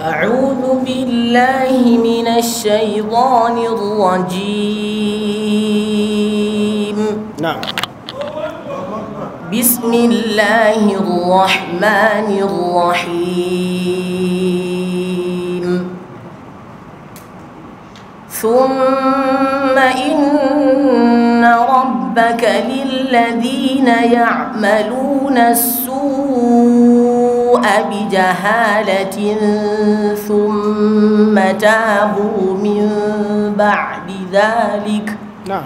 أعوذ بالله من الشيطان الرجيم نعم بسم الله الرحمن الرحيم ثم إن ربك للذين يعملون السوء بجهالة ثم تابوا من بعد ذلك نعم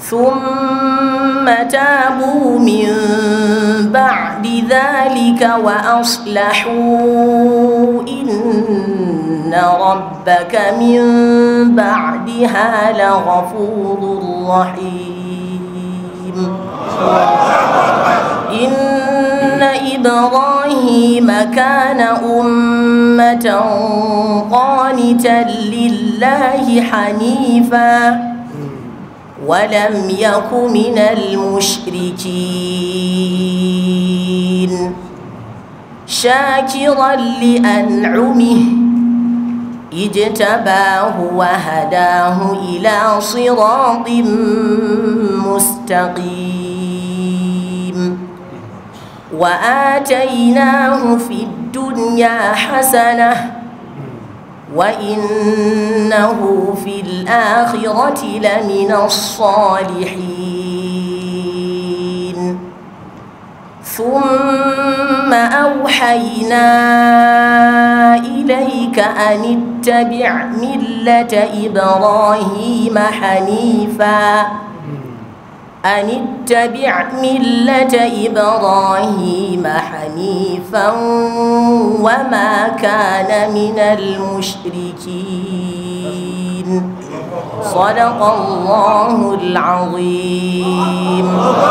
ثم تابوا من بعد ذلك وأصلحوا إن ربك من بعدها لغفور رحيم إن إبراهيم كان أمة قانتا لله حنيفا ولم يك من المشركين شاكرا لأنعمه اجتباه وهداه إلى صراط مستقيم وآتيناه في الدنيا حسنة وإنه في الآخرة لمن الصالحين ثم أوحينا إليك أن اتبع ملة إبراهيم حنيفاً أن اتبع ملة إبراهيم حنيفا وما كان من المشركين صدق الله العظيم